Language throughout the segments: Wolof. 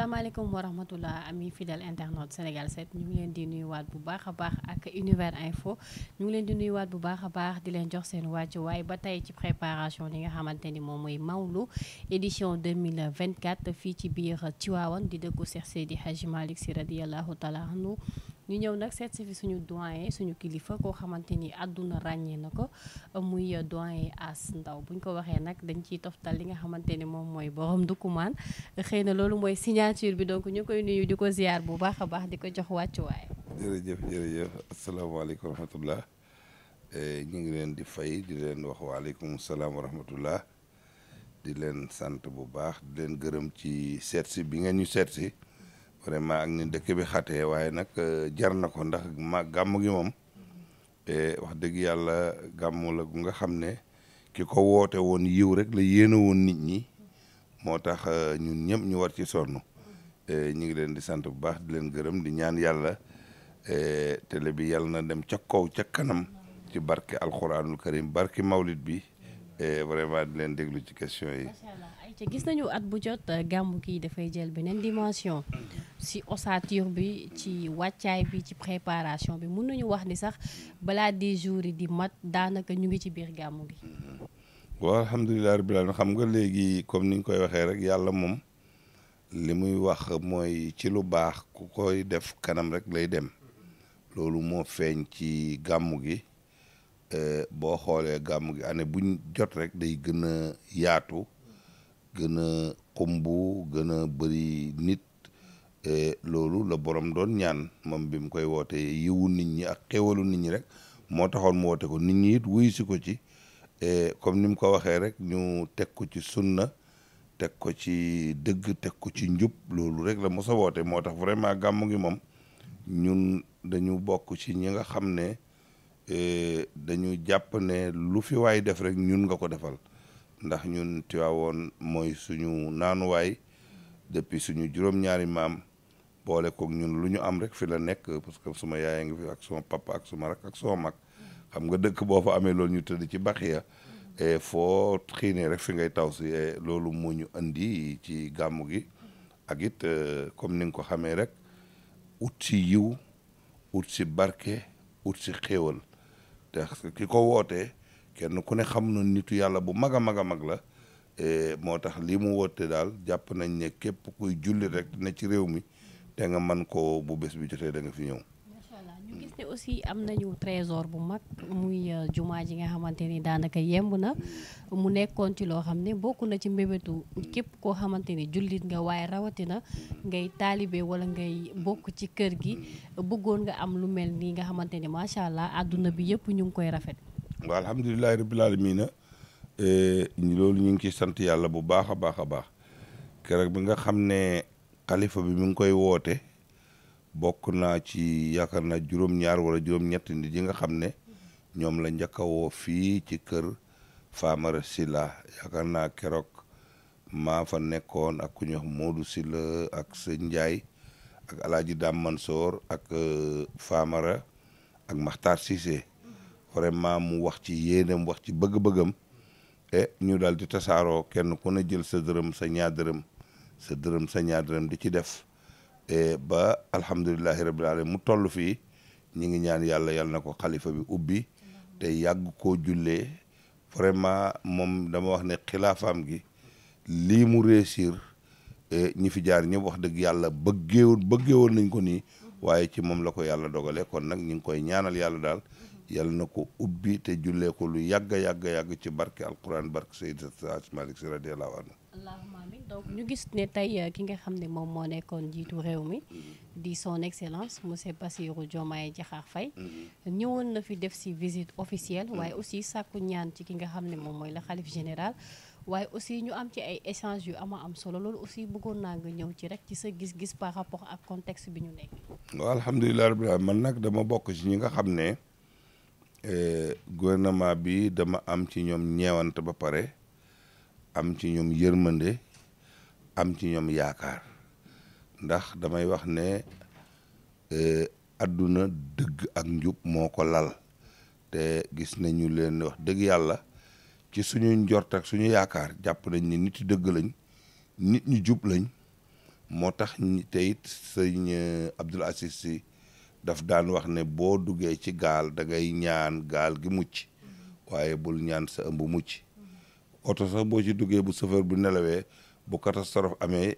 asalaamaaleykum wa rahmatullah ami fidèle internaute Sénégal set ñu ngi leen di nuyuwaat bu baax a baax ak univers info ñu ngi leen di nuyuwaat bu baax a baax di leen jox seen wàcc waaye ba tey ci préparation li nga xamante ni moom mooy Mawlu édition 2024 fii ci biir ci Tiwaawan di dëkku Seex Seydi Hadji Malick Sy radiyallahu taala anhu ñu ñëw nag seet fi suñu doyen suñu kilifa koo xamante ni àdduna ràññee na ko muy doyen Ass Ndao buñ ko waxee nag dañ ciy toftal li nga xamante ni moom mooy borom Ndoukoumane xëy na loolu mooy signature bi donc ñu koy nuyu di ko ziar bu baax a baax di ko jox waaye jërëjëf jërëjëf asalaamaaleykum wa rahmatullah eh, ñu ngi leen di fay di leen wax waaleykum salaam wa di leen sant bu baax di leen gërëm ci seetsi bi nga ñu seetsi vraiment ak ni dëkk bi xatee waaye nag euh, jar na ko ndax ma gàmm gi moom wax dëgg yàlla gàmm la gu nga xam ne ki ko woote woon yiw rek la yéene woon nit ñi moo tax euh, ñun ñëpp ñu war ci sonn euh, ñu ngi leen di sant bu baax di leen gërëm di ñaan yàlla télé bi yàlla na dem ca kaw ca kanam ci barke alxuraanul karim barke mawlid bi et eh, vraiment di leen déglu ci question yi. macha gis nañu at bu jot eh, gàmmu kii dafay jël beneen dimension si ossature bi ci wàccaay bi ci préparation bi mun nañu wax ni sax balaa des jours yi di mat daanaka ñu ngi ci biir gàmmu gi. Mm-hmm. waaw alhamdulilah rabbil xam nga léegi comme ni ñu koy waxee rek yàlla moom li muy wax mooy ci lu baax ku koy def kanam rek lay dem loolu moo feeñ ci gàmmu gi. Euh, boo xoolee gàmm gi année buñ jot rek day gën a yaatu gën a xumb gën a bëri nit euh, loolu la borom doon ñaan moom bi mu koy wootee yiwu nit ñi ak xéwalu nit ñi rek moo taxoon mu woote ko nit ñi it wuy si ko ci euh, comme ni mu ko waxee rek ñu teg ko ci sunna teg ko ci dëgg teg ko ci njub loolu rek la mosa a woote moo tax vraiment gàmm gi moom ñun dañu bokk ci ñi nga xam ne Eh, dañu jàpp ne lu fi waay def rek ñun nga ko defal ndax ñun Tiwaawoon mooy suñu naanuwaay depuis suñu juróom-ñaari maam boole koog ñun lu ñu am rek fi la nekk parce que suma yaay ngi fi ak suma papa ak suma rak ak suma mag xam nga dëkk boo fa amee loolu ñu tëdd ci baxiya e eh, foo xiinee rek fi ngay taw si eh, loolu moo ñu andi ci gàmmu gi ak it comme ni nga ko xamee rek ut si yiw ut si barke ut si xéewal parce que ki ko wootee kenn ku ne xam no nitu yàlla bu mag a mag a mag la eh, moo tax lii mu wootee daal jàpp nañ ne képp kuy julli rek ne ci réew mi da nga man ko bu bés bi jotee da nga fi ñëw aussi am nañu trésor bu mag muy euh, jumaa ji nga xamante ni daanaka yemb na mu nekkoon ci loo xam ne bokk na ci mbébétu képp koo xamante ni jullit nga waaye rawatina ngay taalibe wala ngay bokk ci kër gi bëggoon nga am lu mel nii nga xamante ni macha allah àdduna bi yëpp ñu ngi koy rafet. waaw alhamdulilah rabbil aalamiina e, loolu ñu ngi ciy sant yàlla bu baax a baax a baax keroog bi nga xam ne xalifa bi mu ngi koy woote. bokk naa ci yaakaar na juróom-ñaar wala juróom-ñett nit yi nga xam ne ñoom la njëkk woo fii ci kër Famara sila yakar naa keroog maa fa nekkoon ak ku ñuy wax Modou ak sëñ ak Alaaji Dam Mansoor ak euh, Famara ak Makhtar Cissé vraiment mu wax ci yéenam wax ci bëgg-bëggam e ñu daal di tasaaroo kenn ku ne jël sa dërëm sa ñaar dërëm sa dërëm dërëm di ci def ba alhamdulilahi rabbil alamin mu toll fii ñi ngi ñaan yàlla yàlla na ko xalifa bi ubbi te yàgg koo jullee vraiment moom dama wax ne xilaafaam gi lii mu réussir e, ñi fi jaar ñëpp wax dëgg yàlla bëggee bëggeewoon nañ ko nii mm-hmm. waaye ci moom la ko yàlla dogale kon nag ñi ngi koy ñaanal yàlla daal yàlla na ko ubbi te jullee ko lu yàgg yàgg yàgg ci barke alquran barke Seydou Hadj Malick Sy radiyallahu anhu allahumma amin donc ñu gis ne tey euh, ki nga xam ne moom moo nekkoon jiitu réew mi mm-hmm. di son excellence monsieur Bassirou Diomaye Diakhar fay mm-hmm. ñëwoon na fi def si visite officielle waaye mm-hmm. aussi sàkku ñaan ci ki nga xam ne moom mooy la xalif général waaye aussi ñu am ci ay échange yu ama am solo loolu aussi bëggoon naa nga ñëw ci rek ci sa gis-gis par rappo ak contexte bi ñu nekk man nag dama bokk ñi nga xam ne Euh, gouvernement bi dama am ci ñoom ñewant ba pare am ci ñoom yërmande am ci ñoom yaakaar ndax damay wax ne àdduna euh, dëgg ak njub moo ko lal te gis nañu leen wax dëgg yàlla ci suñu njort ak suñu yaakaar jàpp nañ ni nit yi dëgg lañ nit ñu jub lañ moo tax tey it sëñ euh, Abdoul daf daan wax ne boo duggee ci gaal da ñaan gaal gi mucc waaye bul ñaan sa ëmb mucc oto sax boo ci duggee bu chauffeur bu nelawee bu catastrophe amee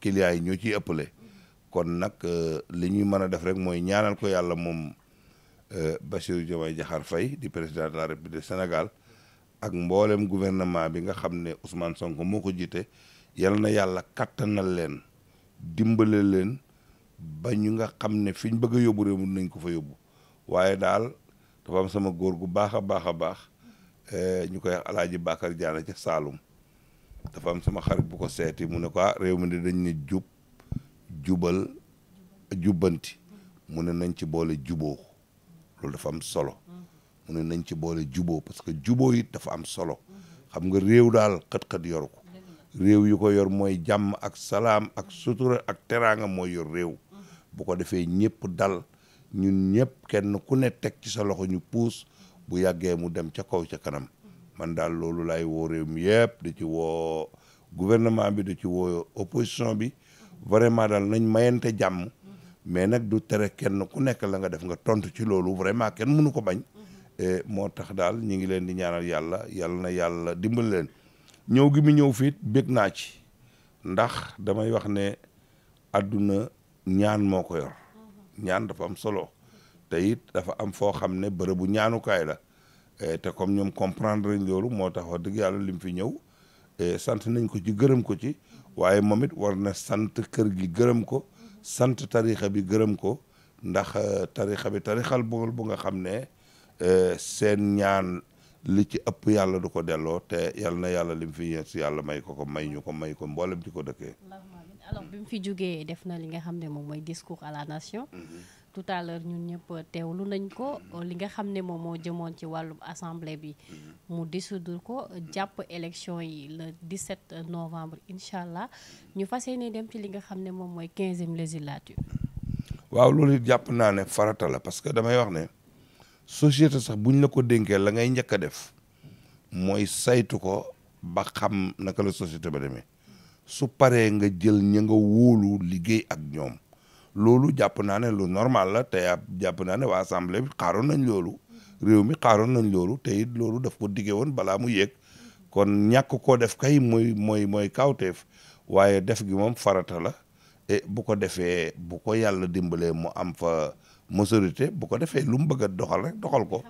clients yi ñoo ciy ëpple kon nag euh, li ñuy mën a def rek mooy ñaanal ko yàlla moom euh, Bassirou Diomaye Diakhar fay di président de la République du Sénégal ak mboolem gouvernement bi nga xam ne Ousmane Sonko moo ko jiite yal na yàlla kattanal leen dimbale leen ba ñu nga xam ne fi bëgg a yóbbu réew mun nañ ko fa yóbbu waaye daal dafa am sama góor gu baax a baax a baax eh, ñu koy wax alaaji Bakar Diané ca Saalum dafa am sama xarit bu ko seeti mu ne ko ah réew mi ne dañ ne jub jubal jubbanti mu ne nañ ci boole juboo loolu dafa am solo ne nañ ci boole juboo parce que jubo yit dafa am solo xam nga réew daal xët-xët yoru ko réew yu ko yor mooy jàmm ak salaam ak sutura ak teraanga mooy yor réew bu ko defee ñëpp dal ñun ñëpp kenn ku nekk teg ci sa loxo ñu puus bu yàggee mu dem ca kaw ca kanam man daal loolu laay woo réew mi yëpp di ci woo gouvernement bi di ci woo opposition bi vraiment daal nañ mayente jàmm mais nag du tere kenn ku nekk la nga def nga tontu ci loolu vraiment kenn mënu ko bañ e moo tax daal ñu ngi leen di ñaanal yàlla yàlla na yàlla dimbal leen ñëw gi mu ñëw fiit bég naa ci ndax damay wax ne adduna ñaan moo ko yor ñaan dafa am solo te it dafa am foo xam ne bu ñaanukaay la eh, te comme ñoom comprendre nañ loolu moo tax wax dëgg yàlla lim fi ñëw eh, sant nañ ko ci gërëm ko ci waaye moom it war na sant kër gi gërëm ko sant tarixa bi gërëm ko ndax eh, tarixa bi tarixal bool bu nga xam ne seen ñaan li ci ëpp yàlla du ko delloo te yal na yàlla lim fi si yàlla may ko ko may ñu ko may ko mboolem ci ko dëkkee alors bi mu fi jógee def na li nga xam ne moom mooy discours à la nation. Mhm. tout à l'heure ñun ñëpp teewlu nañ ko mhm. li nga xam ne moom moo jëmoon ci wàllu assemble bi. Mhm. mu dissoudre ko jàpp élection yi le set novembre incha allah ñu fas yéene dem ci li nga xam ne moom mooy 15e législature. waaw loolu jàpp naa ne farata la parce que damay wax ne société sax buñ la ko dénkee la ngay njëkk a def mooy saytu ko ba xam naka la société ba demee. su paree nga jël ña nga wóolu liggéey ak ñoom loolu jàpp naa ne lu normal la te jàpp naa ne waa assemblée bi xaaroon nañ loolu réew mi xaaroon nañ loolu tey it loolu def ko diggee woon balaa mu yéeg kon ñàkk ko def kay mooy mooy mooy kawteef waaye def gi moom farata la et bu ko defee bu ko yàlla dimbalee mu am fa majorité bu ko defee lu mu bëgg a doxal rek doxal ko.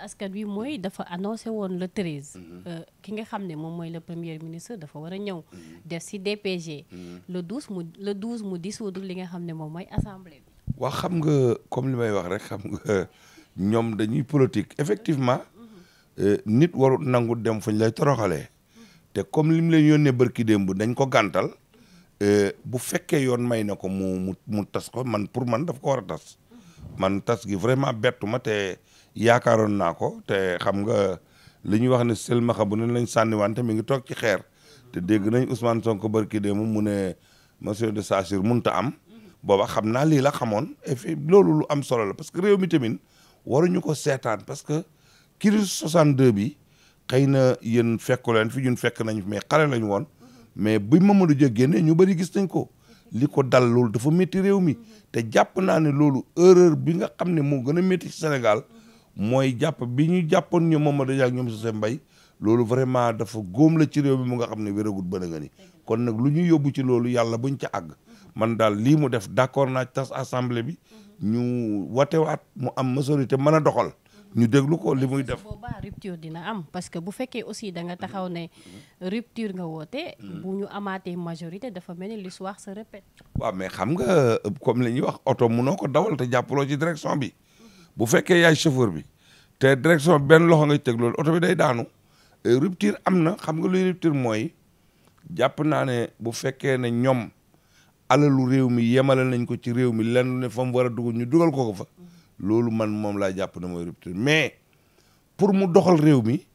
askan wi mooy dafa annoncé woon le 13. Mhm. Euh, ki nga xam ne moom mooy le premier ministre dafa war a ñëw. Mhm. def si DPG. Mhm. le 12 mu le 12 mu dissoudre li nga xam ne moom mooy assemblée bi. waa xam nga comme li may wax rek xam nga ñoom dañuy politique effectivement euh, nit warut nangu dem fu ñu lay toroxalee te comme li mu leen yónnee barki démb dañ ko gàntal euh, bu fekkee yoon may na ko mu mu mu tas ko man pour man daf ko war a tas. man tas gi vraiment bettu ma te yaakaaroon naa ko te xam nga li ñuy wax ne sëlmaxa bu ne lañ sànniwante mi ngi toog ci xeer te dégg nañ Ousmane Sonko barki démb mu ne monsieur de Sassure munta am booba xam naa lii la xamoon et puis loolu lu am solo la parce que réew mi tamit ñu ko seetaan parce que crise 62 bi xëy na yéen fekku leen fi ñun fekk nañ mais xale lañ woon mais bi Mamadou Dia génnee ñu bëri gis nañ ko lii ko dal loolu dafa métti réew mi te jàpp naa ne loolu erreur bi nga xam ne moo gën a métti ci mooy jàpp bi ñu jàppoon ñu moom Dia ak ñoom Socé Mbaye loolu vraiment dafa góom la ci réew mi mu nga xam ne wéragut bëna nga kon nag lu ñu yóbbu ci loolu yàlla buñ ca àgg man daal lii mu def d'accord naa tas assemblée bi ñu watewaat mu am majorité mën a doxal ñu déglu ko li muy def boobaa rupture dina am parce que bu fekkee aussi da nga taxaw ne rupture nga woote. Mm. bu ñu amaatee majorité dafa mel ni l'histoire se répète. waaw mais xam nga comme li ñuy wax oto munoo ko dawal jàppaloo ci direction bi mm-hmm. bu fekkee yaay chauffeur bi te direction benn loxo ngay teg oto bi day daanu euh, rupture am na xam nga luy rupture mooy jàpp naa ne bu fekkee ne ñoom alalu réew mi yemale nañ ko ci réew mi lenn ne fa mu war ñu dugal ko ko fa. Mm-hmm. loolu man moom laa jàpp ne mooy rupture mais pour mu doxal réew mi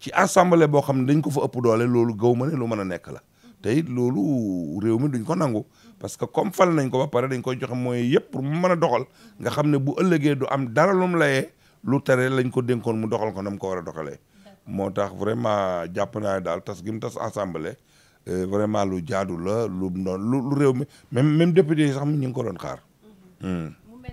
ci assemblée boo xam ne dañ ko fa ëpp doole loolu gaw ma lu mën a nekk la te it loolu réew mi duñ ko nangu parce que comme fal nañ ko ba pare dañ ko joxe mooy yëpp pour mu mën a doxal nga xam ne bu ëllëgee du am dara lu mu layee lu tere lañ ko dénkoon mu doxal ko na ko war a doxalee. moo tax vraiment jàpp naa daal tas gi mu tas assemblée euh, vraiment lu jaadu la lu doon lu réew mi même même député yi sax ñu ngi ko doon xaar. Mm-hmm. Hmm.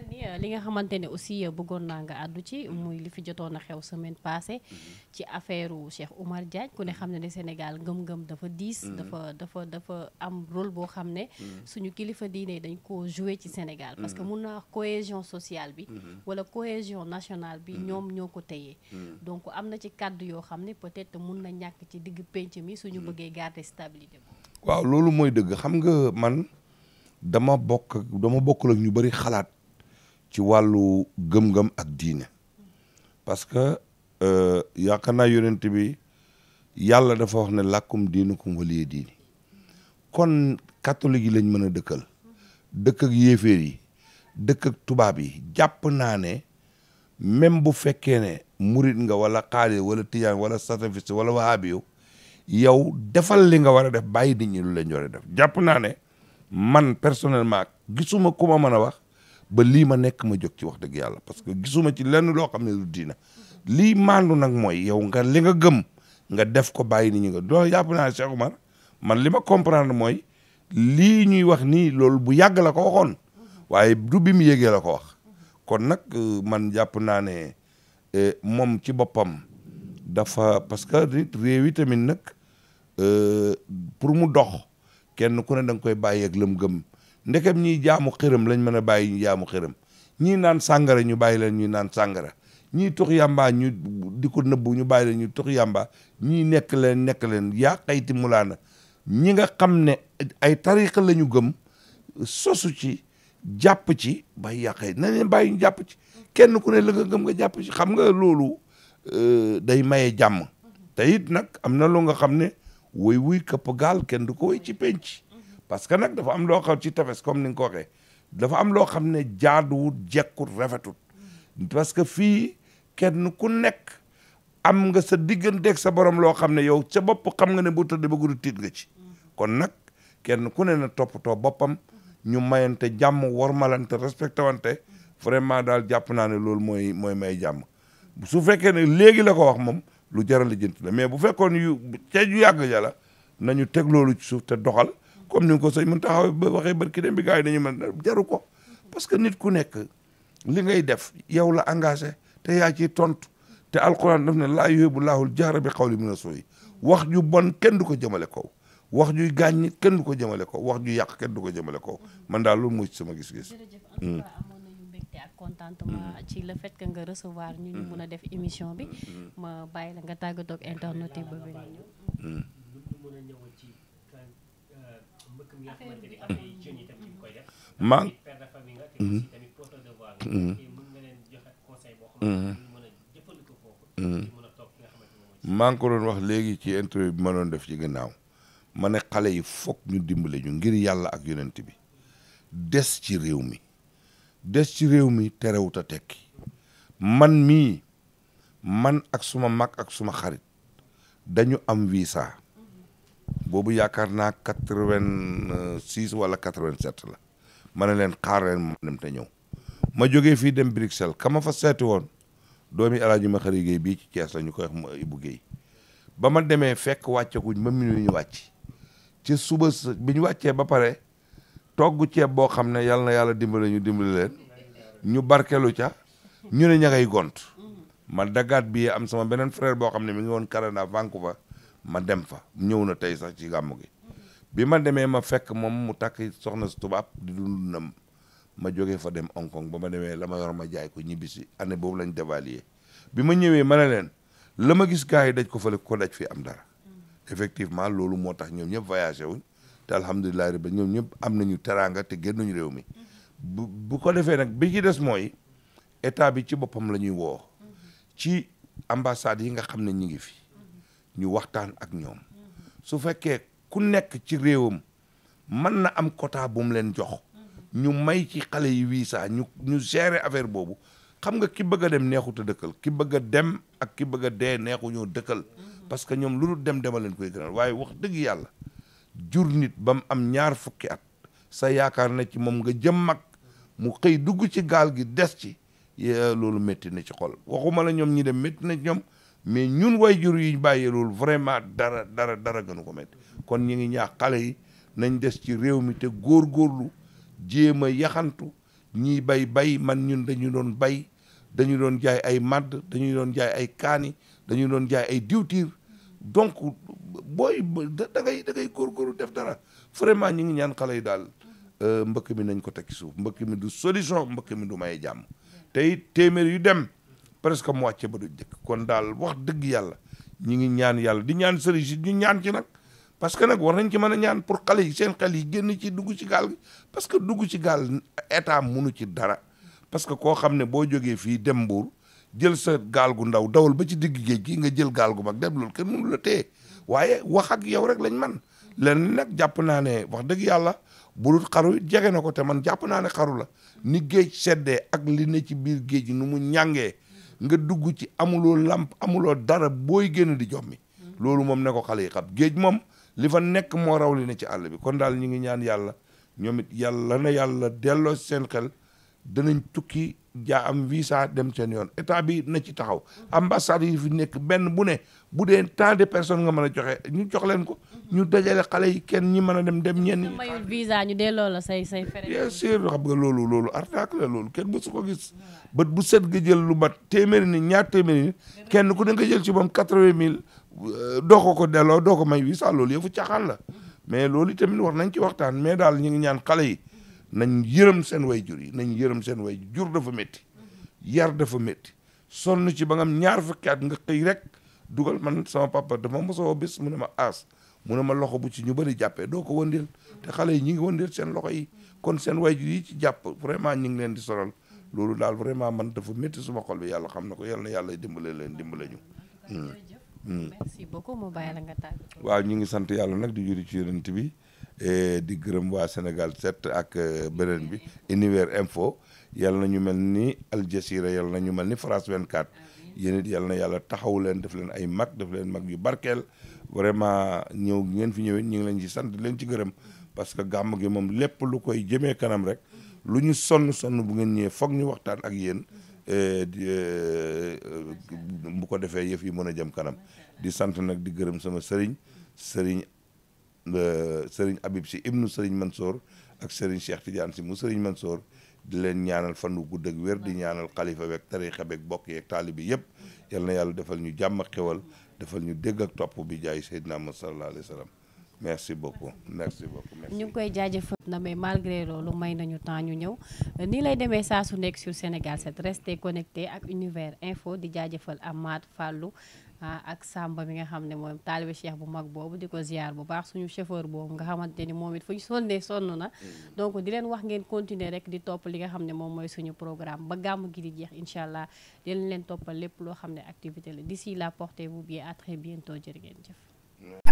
Euh, li nga xamante ne aussi euh, bëggoon naa nga àddu ci mm-hmm. muy li fi jotoon a xew semaine passée mm-hmm. ci affaire Cheikh Oumar Diagne ku ne mm-hmm. xam ne ne Sénégal ngëm-ngëm dafa diis. dafa dafa dafa am rôle boo xam ne. suñu kilifa diine dañ ko joué ci Sénégal. parce que mun naa cohésion sociale bi. wala cohésion nationale bi ñoom ñoo ko téye. donc am na ci kàddu yoo xam ne peut-être mun na ñàkk ci digg penc mi suñu bëggee garder stabilité waaw loolu mooy dëgg xam nga man dama bokk dama bokkul ñu bari xalaat. ci wàllu gëm ak diine parce que euh, yaakaar naa yonent bi yàlla dafa wax ne làkkum diinukum waliya diini kon catholique yi lañ mën a dëkkal dëkk ak yéeféer yi dëkk ak tubaab yi jàpp naa ne même bu fekkee ne murit nga wala xaadir wala tijaan wala satafiste wala wahabi yow yow defal li nga war a def bàyyi di ñi lu leen a def jàpp naa ne man personnellement gisuma ku ma mën a wax ba lii ma nekk ma jóg ci wax dëgg yàlla parce que gisuma ci lenn loo xam ne lu diina lii maandu nag mooy yow nga li nga gëm nga def ko bàyyi ni ñu nga doo yàpp naa Cheikh man li ma comprendre mooy lii ñuy wax nii loolu bu yàgg la ko waxoon waaye du bi mu yégee la ko wax kon nag euh, man jàpp naa ne euh, moom ci boppam dafa parce que réew yi tamit nag euh, pour mu dox kenn ku ne da nga koy bàyyeeg lëm gëm ndekam ñiy jaamu xërëm lañ mën a bàyyi ñu jaamu xërëm ñii naan sàngara ñu bàyyi leen ñuy naan sàngara ñii tux yàmbaa ñu di ko nëbbu ñu bàyyi leen ñu tux yàmbaa ñii nekk leen nekk leen yaa xayti mulaana ñi nga xam ne ay tariqa la ñu gëm sosu ci jàpp ci ba yàqee na leen bàyyi ñu jàpp ci kenn ku ne la nga nga jàpp ci xam nga loolu euh, day maye jàmm te it nag am na lu nga xam ne woy wuy këpp gaal kenn du ko woy ci penc parce que nag dafa am loo xaw ci tefes comme ni ko waxee dafa am loo xam ne jaaduwut jekkut rafetut parce que fii kenn ku nekk am nga sa digganteeg sa borom loo xam ne yow sa bopp xam nga ne bu tëddee ba guddi tiit nga ci kon nag kenn ku ne na toppatoo boppam ñu mayante jàmm wormalante respecté wante vraiment daal jàpp naa ne loolu mooy mooy may jàmm su fekkee ne léegi la ko wax moom lu jaral lijjanti la mais bu fekkoon yu ca yu yàgg ja la nañu teg loolu ci suuf te doxal comme ni nga ko sëñ mën taxaw ba waxee barki dem bi gars yi dañu mën jaru ko parce que nit ku nekk li ngay def yow la engagé te yaa ciy tontu te alquran daf ne laa yuhibbu laahul jahra bi xaw qawli mina suu'i wax ju bon kenn du ko jëmale kaw wax juy gàññ kenn du ko jëmale kaw wax ju yàq kenn du ko jëmale kaw man daal lu mooy sama gis-gis ak contentement mm-hmm. nga recevoir mën a def émission bi mm-hmm. ma bàyyi tàggatoo ak maa mm-hmm. mm-hmm. mm-hmm. maa ngi ko doon wax léegi ci interview bi ma doon def ci gannaaw ma ne xale yi foog ñu dimbale ñu ngir yàlla ak yonent bi des ci réew mi des ci réew mi terewut a tekki man mii man ak suma mag ak suma xarit dañu am visa boobu yaakaar naa quatre-vingt-six wala quatre-vingt-sept la ma ne leen xaar leen ma dem ñëw ma jógee fii dem Bruxelles ka fa seeti woon doomi alaaji ma xëri géey bii ci Thiès la ñu koy wax ma ba ma demee fekk wàcceekuñ ma minuit ñu wàcc ci suba bi ñu wàccee ba pare togg ceeb boo xam ne yàlla na yàlla dimbale ñu dimbale leen ñu barkelu ca ñu ne ña gont ma daggaat bii am sama beneen frère boo xam ne mu ngi woon Canada Vancouver ma dem fa ñëw na tey sax ci gàmmu gi bi ma demee ma fekk moom mu takk soxna su tubaab di dund nam ma jógee fa dem Hong Kong ba ma demee la ma yor ma jaay ko ñibbisi année boobu lañ dévalué bi ma ñëwee ma ne leen la ma gis gars yi daj ko fële ko daj fi am dara effectivement loolu moo tax ñoom ñëpp voyagé wuñ te alhamdulilah ba ñëw ñëpp am nañu teraanga te génnuñu réew mi bu bu ko defee nag bi ci des mooy état bi ci boppam la ñuy woo ci ambassade yi nga xam ne ñi ngi fi ñu waxtaan ak ñoom su fekkee ku nekk ci réewam mën na am quota bu leen jox ñu may ci xale yi visa ñu ñu gérer affaire boobu xam nga ki bëgg dem neexut dëkkal ki bëgg dem ak ki bëgg dee neexu dëkkal parce que ñoom lu dul dem demal leen koy gënal waaye wax dëgg yàlla jur nit ba mu am ñaar fukki at sa yaakaar na ci moom nga jëm mag mu xëy dugg ci gaal gi des ci loolu métti na ci xol waxuma ñoom ñi dem métti na ci ñoom mais ñun jur yi bàyyi loolu vraiment dara dara dara gënu ko métti kon ñu ngi ñaax xale yi nañ des ci réew mi te góorgóorlu jéem a yaxantu ñiy bay bay man ñun dañu doon bay dañu doon jaay ay madd dañu doon jaay ay kaani dañu doon jaay ay diwtiir donc booy da ngay da ngay def dara vraiment ñu ngi ñaan xale yi daal euh, mbëkk mi nañ ko teg ci suuf mbëkk mi du solution mbëkk mi du may jàmm tey téeméer yu dem presque moitié ba du jëkk kon daal wax dëgg yàlla ñi ngi ñaan yàlla di ñaan sëriñ si ñu ñaan ci nag parce que nag war nañ ci mën a ñaan pour xale yi seen xel yi génn ci dugg ci gaal gi parce que dugg ci gaal état munu ci dara parce que koo xam ne boo jógee fii dem Mbuur jël set gaal gu ndaw dawal ba ci digg géej gi nga jël gaal gu mag dem loolu kenn mënu la téye waaye wax ak yow rek lañ man len nag jàpp naa ne wax dëgg yàlla budul xaru jege na ko te man jàpp naa ne xaru la ni géej seddee ak li ci biir géej gi nu mu ñàngee nga dugg ci amuloo làmp amuloo dara booy génn di jommi loolu moom ne ko xale yi xam géej moom li fa nekk moo raw li ne ci àll bi kon daal ñu ngi ñaan yàlla ñoom it yàlla na yàlla delloo seen xel danañ tukki jaa am visa dem seen yoon état bi na ci taxaw ambassade yi fi nekk benn bu ne bu dee tant de personnes nga mën a joxe ñu jox leen ko ñu dajale xale yi kenn ñi mën a dem dem ñenn ñi mayul visa ñu la say say fere bien nga loolu loolu artacle la loolu kenn mësu ko gis bët bu set nga jël lu mat téeméeri nit ñaar téeméeri kenn ku ne nga jël ci moom quatre-vingt mille euh, doo ko ko delloo doo ko may visa loolu yëfu caaxaan la mais loolu itamit war nañ ci waxtaan mais daal ñu ngi ñaan xale yi nañ yërëm seen way jur yi nañ yërëm seen way jur dafa métti yar dafa métti sonn ci ba nga ñaar fukki at nga xëy rek dugal man sama papa dama mos a bis mu ne ma mun mu ne ma loxo bu ci ñu bëri jàppee doo ko wëndeel te xale yi ñi ngi wëndeel seen loxo yi kon seen way jur yi ci jàpp vraiment ñi ngi leen di sonal loolu daal vraiment man dafa métti suma xol bi yàlla xam na ko yàlla na yàlla dimbale leen dimbale ñu. Hmm. Hmm. merci sant yàlla nag di juri ci yonent bi. Eh, di gërëm waa Sénégal set ak eh, beneen bi univers info yàlla na ñu mel ni Al Jazeera yàlla na ñu mel ni France 24 yéen it yàlla na yàlla taxawu leen def leen ay mag def leen mag yu barkeel vraiment ñëw ngeen fi ñëwee ñu ngi leen ci sant di leen ci gërëm parce que gàmm gi moom lépp lu koy jëmee kanam rek lu ñu sonn sonn bu ngeen ñëwee foog ñu waxtaan ak yéen eh, bu ko defee yëf yi mën a jëm kanam di sant nag di gërëm sama sëriñ sëriñ Serigne Habib si ibnu Serigne Mansour ak Serigne Cheikh Tidiane si mu Serigne Mansour di leen ñaanal fan wu gudd ak wér di ñaanal xalifa beeg tariixa beeg bokk yeeg taalibi yëpp yal na yàlla defal ñu jàmm xewal defal ñu dégg ak topp bi jaay Seydina na sallallahu alayhi wa sallam merci beaucoup merci beaucoup ñu koy jaajëfal na mais malgré loolu may nañu temps ñu ñëw nii lay demee saa su nekk sur Sénégal 7 restez connecté ak Univers Info di jaajëfal Amath Fallou ah ak sàmba bi nga xam ne moom taalibe cheikh bu mag boobu di ko ziar bu baax suñu chauffeur boobu nga xamante ni moom it fu ñu sonnee sonn na mm. donc di leen wax ngeen continuer rek di topp li nga xam ne moom mooy suñu programme ba gàmm gi di jeex incha allah di leen toppal lépp loo xam ne activité la d'ici là portez-vous bien à très bientôt ngeen jëf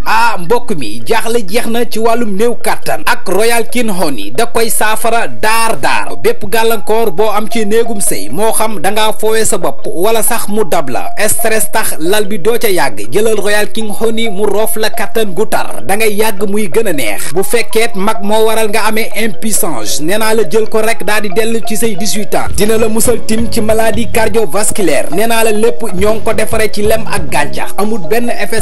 ah mbokk mi jaaxle jeex na ci wàllum néew kattan ak royal king honey da koy saafara daar daar bépp gàllankoor boo am ci néegum sëy moo xam danga ngaa sa bopp wala sax mu dab la stress tax lal bi doo ca yàgg jëlal royal king honey mu roof la kàttan gu tar da ngay yàgg muy gën a neex bu fekkeet mag moo waral nga amee impuissance nee naa la jël ko rek daa di dellu ci say 18 ans dina la musal tim ci maladie cardiovasculaire nee naa la lépp ñoo ngi ko defaree ci lem ak gàncax amul benn effet